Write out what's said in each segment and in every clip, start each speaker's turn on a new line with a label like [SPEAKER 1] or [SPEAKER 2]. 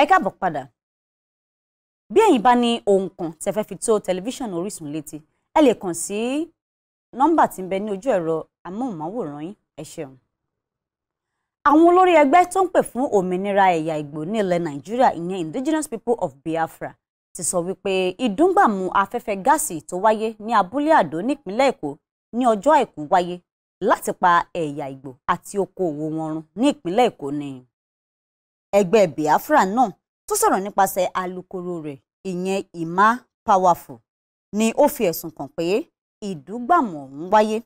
[SPEAKER 1] ẹ káàbọ̀ padà bí ẹ̀yin bá ní ohun kan tẹ́ fẹ́ fi tó tẹlifíṣàn Orísun létí ẹ lè kàn sí nọ́mbà tí ń bẹ ní ojú ẹ̀rọ amóhùnmáwòrán yín ẹ ṣeun. àwọn olórí ẹgbẹ́ tó ń pè fún òmìnira ẹ̀yà Ìgbò ní ilẹ̀ Nàìjíríà ìyẹn Indigenous People of Biafra ti sọ wípé ìdúngbàmù afẹ́fẹ́ gáàsì tó wáyé ní abúlé Àdó nípínlẹ̀ Èkó ní ọjọ́ Àìkú wáyé láti pa ẹ̀yà Ìgbò àti okòòwò wọn run ní ìpínlẹ̀ Èkó ni ẹgbẹ́ Biafra náà tó sọ̀rọ̀ nípasẹ̀ alukoro rẹ̀ ìyẹn Emma Powerful ni ó fi ẹ̀sùn kàn pé ìdúgbàmọ̀ ọ̀hún wáyé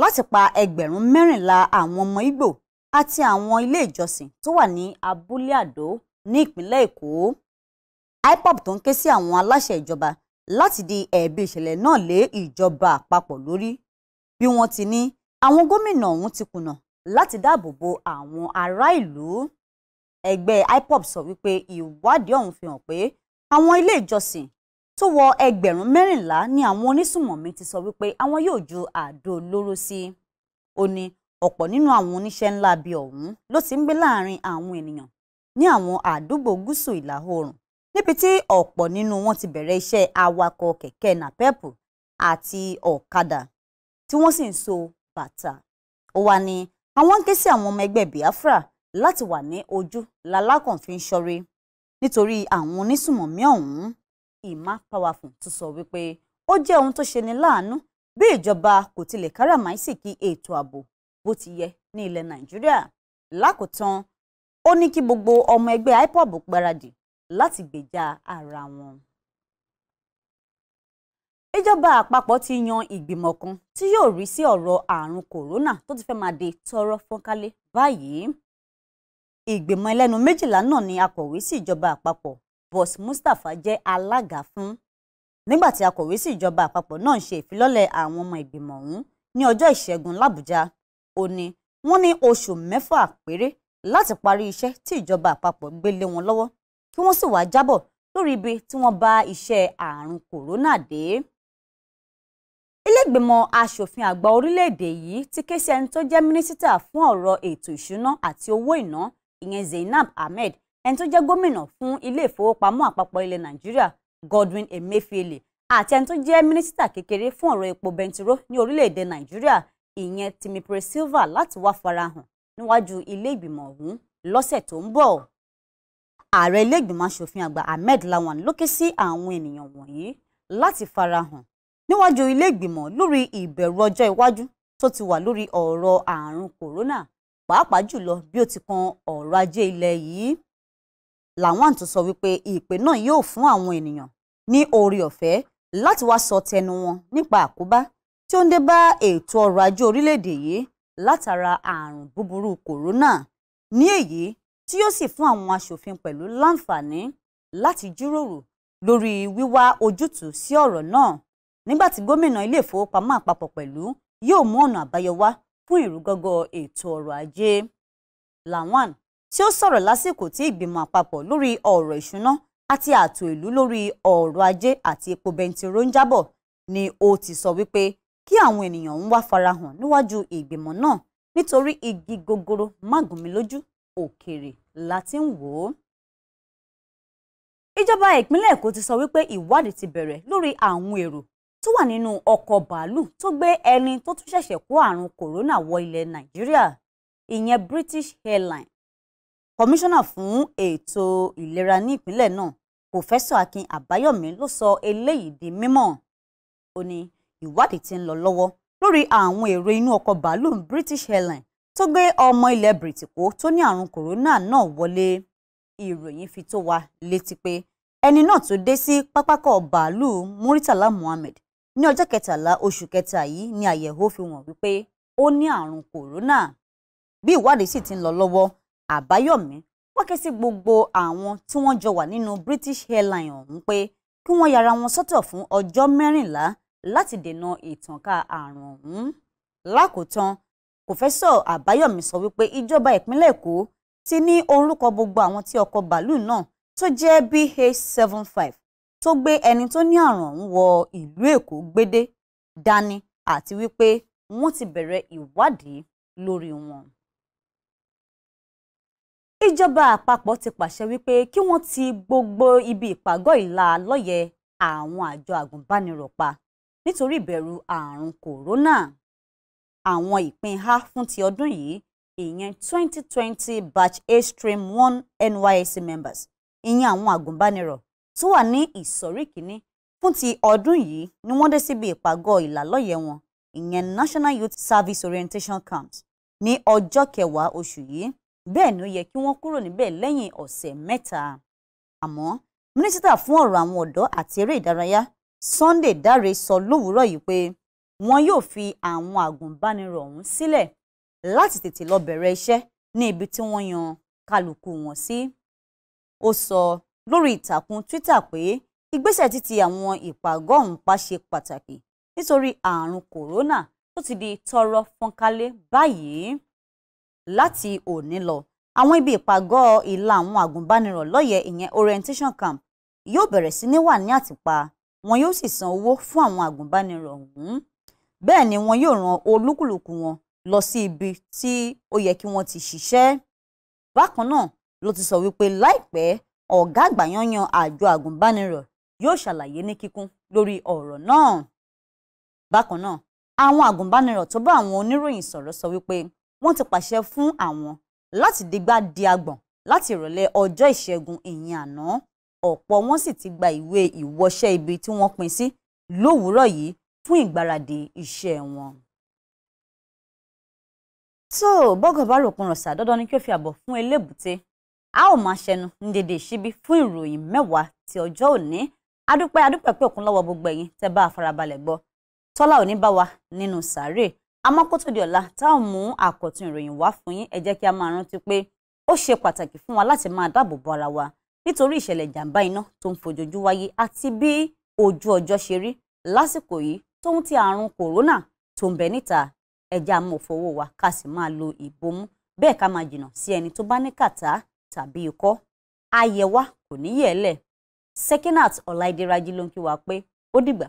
[SPEAKER 1] láti pa ẹgbẹ̀rún mẹ́rìnlá àwọn ọmọ Ìgbò àti àwọn ilé ìjọsìn tó wà ní abúlé àdó ní ìpínlẹ̀ Èkó IPOB tó ń ké sí àwọn aláṣẹ ìjọba láti di ẹ̀bi ìṣẹ̀lẹ̀ náà lé ìjọba àpapọ̀ lórí bí wọ́n ti ní àwọn gómìnà ọ̀hún ti kùnà láti dáàbò bo àwọn ará ìlú ẹgbẹ́ IPOB sọ wípé ìwádìí ọ̀hún fi hàn pé àwọn ilé ìjọsìn tó wọ ẹgbẹ̀rún mẹ́rìnlá ni àwọn onísùmọ̀mí ti sọ wípé àwọn yóò ju àdó olóró sí ó ní ọ̀pọ̀ nínú àwọn oníṣẹ́ ńlá bíi ọ̀hún ló ti ń gbé láàrin àwọn ènìyàn ní àwọn àdúgbò gúúsù ìlà oòrùn níbi tí ọ̀pọ̀ nínú wọn ti bẹ̀rẹ̀ iṣẹ́ awakọ̀ kẹ̀kẹ́ nàpẹ́pù àti ọ̀kadà tí wọ́n sì ń so bàtà ó wá ní àwọn ń ké sí àwọn ọmọ ẹgbẹ́ Biafra láti wà ní ojú lalákàn fi ń ṣọrí nítorí àwọn onísùmọ̀mí ọ̀hún Emma Powerfull tún sọ wípé ó jẹ́ ohun tó ṣeni láàánú bí ìjọba kò tilẹ̀ káràmáìsìkí ètò ààbò bó ti yẹ ní ilẹ̀ Nàìjíríà lákòótán ó ní kí gbogbo ọmọ ẹgbẹ́ IPOB gbáradì láti gbèjà ara wọn. ìjọba àpapọ̀ ti yan ìgbìmọ̀ kan tí yóò rí sí ọ̀rọ̀ àrùn kòrónà tó ti fẹ́ máa di tọ́rọ́ fọ́nkálé báyìí ìgbìmọ̀ ẹlẹ́nu méjìlá náà ni akọ̀wé sí ìjọba àpapọ̀ Boss Mustapha jẹ́ alága fún nígbà tí akọ̀wé sí ìjọba àpapọ̀ náà ń ṣe ìfilọ́lẹ̀ àwọn ọmọ ìgbìmọ̀ ọ̀hún ní ọjọ́ ìṣẹ́gun làbújá ó ní wọ́n ní oṣù mẹ́fà péré láti parí iṣẹ́ tí ìjọba àpapọ̀ gbé lé wọn lọ́wọ́ kí wọ́n sì wáá jábọ̀ lórí ibi tí wọ́n bá iṣẹ́ àrùn kòrónà dé. ilégbèmọ̀ asòfin àgbà orílẹ̀-èdè yìí ti ké sí ẹni tó jẹ́ mínísítà fún ọ̀rọ̀ ètò ìṣúná àti owó ìná ìyẹn Zainab Ahmed ẹni tó jẹ́ gómìnà fún ilé ìfowópamọ́ àpapọ̀ ilẹ̀ Nàìjíríà Godwin Emefiele àti ẹni tó jẹ́ mínísítà kékeré fún ọ̀rọ̀ epo bẹntiró ní orílẹ̀-èdè Nàìjíríà ìyẹn Timipre Silva láti wá farahàn níwájú ilé ìgbìmọ̀ ọ̀hún lọ́sẹ̀ tó ń bọ̀ ààrẹ ilé ìgbìmọ̀ asòfin àgbà Ahmed Lawan ló ké sí àwọn ènìyàn wọ̀nyí láti farahàn níwájú ilé ìgbìmọ̀ lórí ìbẹ̀rù ọjọ́ iwájú tó ti wà lórí ọ̀rọ̀ àrùn kòrónà pàápàá jùlọ bí ó ti kan ọ̀rọ̀ ajé ilẹ̀ yìí Lawan tó sọ wípé ìpè náà yóò fún àwọn ènìyàn ní oore ọ̀fẹ́ láti wá sọ tẹnu wọn nípa àkóbá tí ó ń dé bá ètò ọrọ̀ ajé orílẹ̀-èdè yìí látara àrùn búburú kòrónà ní èyí tí yóò sì fún àwọn aṣòfin pẹ̀lú láǹfààní láti jíròrò lórí wíwá ojútùú sí ọ̀rọ̀ náà nígbà tí gómìnà ilé ìfowópamọ́ àpapọ̀ pẹ̀lú yóò mú ọ̀nà àbáyọ wá fún ìrúgọ́gọ́ ètò ọrọ̀ ajé Lawan tí ó sọ̀rọ̀ lásìkò tí ìgbìmọ̀ àpapọ̀ lórí ọ̀rọ̀ ìṣúná àti ààtò ìlú lórí ọ̀rọ̀ ajé àti epo bẹntiró ń jábọ̀ ni ó ti sọ wípé kí àwọn ènìyàn ń wá farahàn níwájú ìgbìmọ̀ náà nítorí igi gogoro mágùnmí lójú òkèèrè láti ń wò ó. ìjọba ìpínlẹ̀ èkó ti sọ wípé ìwádìí ti bẹ̀rẹ̀ lórí àwọn èrò tó wà nínú ọkọ̀ bàálù tó gbé ẹni tó tún ṣẹ̀ṣẹ̀ kó àrùn kòrónà wọ ilẹ̀ nàìjíríà ìyẹn British Airlines kọmíṣánná fún ètò ìlera ní ìpínlẹ̀ náà pòfẹ́sọ̀ Akin Àbáyọ̀mí ló sọ eléyìí di mímọ̀ ó ní ìwádìí ti ń lọ lọ́wọ́ lórí àwọn èrò inú ọkọ̀ bàálù British Airlines tó gbé ọmọ ilẹ̀ bìrìtìkó tó ní àrùn kòrónà náà wọlé ìròyìn fi tó wa létí pé ẹni náà tó dé sí pápákọ̀ bàálù Muritala Muhammed ní ọjọ́ kẹtàlá oṣù kẹta yìí ni àyẹ̀wò fi hàn wípé ó ní àrùn kòrónà bí ìwádìí sì ti ń lọ lọ́wọ́ àbáyọ̀mí wọ́n ké sí gbogbo àwọn tí wọ́n jọ wà nínú British Airlines ọ̀hún pé kí wọ́n yára wọn sọ́tọ̀ fún ọjọ́ mẹ́rìnlá láti dènà ìtànká àrùn ọ̀hún lákòótán pòfẹ́sọ̀ àbáyọ̀mí sọ wípé ìjọba ìpínlẹ̀ èkó ti ní orúkọ gbogbo àwọn tí ọkọ̀ bàálù náà tó jẹ́ BH75 tó gbé ẹni tó ní àrùn ọ̀hún wọ ìlú Èkó gbédè dání àti wípé wọ́n ti bẹ̀rẹ̀ ìwádìí lórí wọn. Ìjọba àpapọ̀ ti pàṣẹ wípé kí wọ́n ti gbogbo ibi ìpàgọ́ ìlà lọ́yẹ àwọn àjọ àgùnbánirọ̀ pa nítorí ìbẹ̀rù àrùn kòrónà àwọn ìpín a fún ti ọdún yìí ìyẹn 2020 batch A stream 1 NYSC members ìyẹn àwọn àgùnbánirọ̀ tó wà ní ìsọ̀rí kìíní fún ti ọdún yìí ni wọ́n dé síbi ìpàgọ́ ìlàlọ́yẹ̀ wọn ìyẹn National Youth Service Orientation Camp. ní ọjọ́ kẹwàá oṣù yìí bẹ́ẹ̀ ni ó yẹ kí wọ́n kúrò níbẹ̀ lẹ́yìn ọ̀sẹ̀ mẹ́ta àmọ́ mínísítà fún ọ̀rọ̀ àwọn ọ̀dọ́ àti eré ìdárayá Sunday Dáre sọ lówùúrọ̀ yìí pé wọn yóò fi àwọn àgùnbánirọ̀ ọ̀hún sílẹ̀ láti tètè lọ bẹ̀rẹ̀ iṣẹ́ ní ibi tí wọ́n yan kálukú wọn sí ó sọ lórí ìtàkùn Twitter pé ìgbésẹ̀ títí àwọn ìpàgọ́ ọ̀hún pa ṣe pàtàkì nítorí àrùn kòrónà tó ti di tọrọ fọ́nkálé báyìí láti òní lọ àwọn ibi ìpàgọ́ ìlà àwọn àgùnbánirọ̀ lọ́yẹ̀ ìyẹn orientation camp yóò bẹ̀rẹ̀ sí ní wà ní àtìpa wọn yóò sì san owó fún àwọn àgùnbánirọ̀ ọ̀hún bẹ́ẹ̀ ni wọn yóò ran olúkúlùkù wọn lọ sí ibi tí ó yẹ kí wọ́n ti ṣiṣẹ́ bákan náà ló ti sọ wípé láìpẹ́ ọ̀gá àgbà yanyan àjọ àgùnbánirọ̀ yóò ṣàlàyé ní kíkún lórí ọ̀rọ̀ náà. bákan náà àwọn àgùnbánirọ̀ tó bá àwọn oníròyìn sọ̀rọ̀ sọ wípé wọ́n ti pàṣẹ fún àwọn láti digbá di agbọ̀n láti ìrọ̀lẹ́ ọjọ́ ìṣẹ́gun ìyìn àná ọ̀pọ̀ wọn sì ti gba ìwé ìwọṣẹ́ ibi tí wọ́n pín sí lówùúrọ̀ yìí fún ìgbáradì iṣẹ́ wọn. tó bọ́gọ̀ bá ròpin rọ̀ṣà dandan ni kí o fi àbọ̀ fún elébùté a ó máa ṣẹnu ní dédé ìṣíbí fún ìròyìn mẹ́wàá ti ọjọ́ òní adúpẹ́ adúpẹ́ pé òkun lọ́wọ́ gbogbo ẹ̀yin tẹ́ bá farabalẹ̀ gbọ́ tọ́lá òní bá wa nínú sàárè àmọ́ kó tó di ọ̀la tá ò mú àkọ́tún ìròyìn wá fún yín ẹ jẹ́ kí a máa rántí pé ó ṣe pàtàkì fún wa láti máa dáàbò bo ara wa nítorí ìṣẹ̀lẹ̀ ìjàmbá iná tó ń fojojú wáyé àti bí ojú ọjọ́ ṣe rí lásìkò yìí tóun ti àrùn kòrónà tó ń bẹ níta ẹja amòfowó wa ká sì máa lo ìbomú bẹ́ẹ̀ ká máa jìnnà sí ẹni tó bá ní kàtá tàbí ikọ́ àyẹ̀wá kò ní yẹ̀ẹ́lẹ̀ Sekinat Ọláìdé Rájí ló ń kí wa pé ó dìgbà